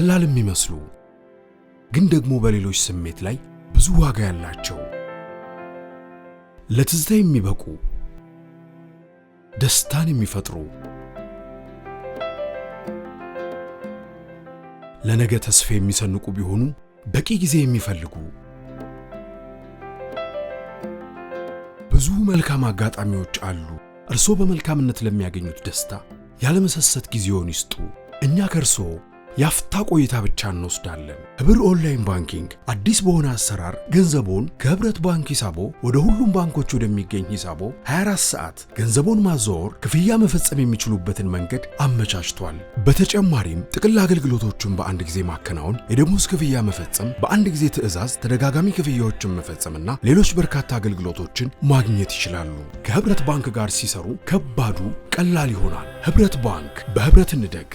ቀላል የሚመስሉ ግን ደግሞ በሌሎች ስሜት ላይ ብዙ ዋጋ ያላቸው ለትዝታ የሚበቁ ደስታን የሚፈጥሩ ለነገ ተስፋ የሚሰንቁ ቢሆኑ በቂ ጊዜ የሚፈልጉ ብዙ መልካም አጋጣሚዎች አሉ። እርሶ በመልካምነት ለሚያገኙት ደስታ ያለመሰሰት ጊዜውን ይስጡ። እኛ ከርሶ የአፍታ ቆይታ ብቻ እንወስዳለን። ህብር ኦንላይን ባንኪንግ አዲስ በሆነ አሰራር ገንዘቦን ከህብረት ባንክ ሂሳቦ ወደ ሁሉም ባንኮች ወደሚገኝ ሂሳቦ 24 ሰዓት ገንዘቦን ማዘዋወር፣ ክፍያ መፈጸም የሚችሉበትን መንገድ አመቻችቷል። በተጨማሪም ጥቅል አገልግሎቶችን በአንድ ጊዜ ማከናወን፣ የደሞዝ ክፍያ መፈጸም፣ በአንድ ጊዜ ትዕዛዝ ተደጋጋሚ ክፍያዎችን መፈጸምና ሌሎች በርካታ አገልግሎቶችን ማግኘት ይችላሉ። ከህብረት ባንክ ጋር ሲሰሩ ከባዱ ቀላል ይሆናል። ህብረት ባንክ በህብረት እንደግ።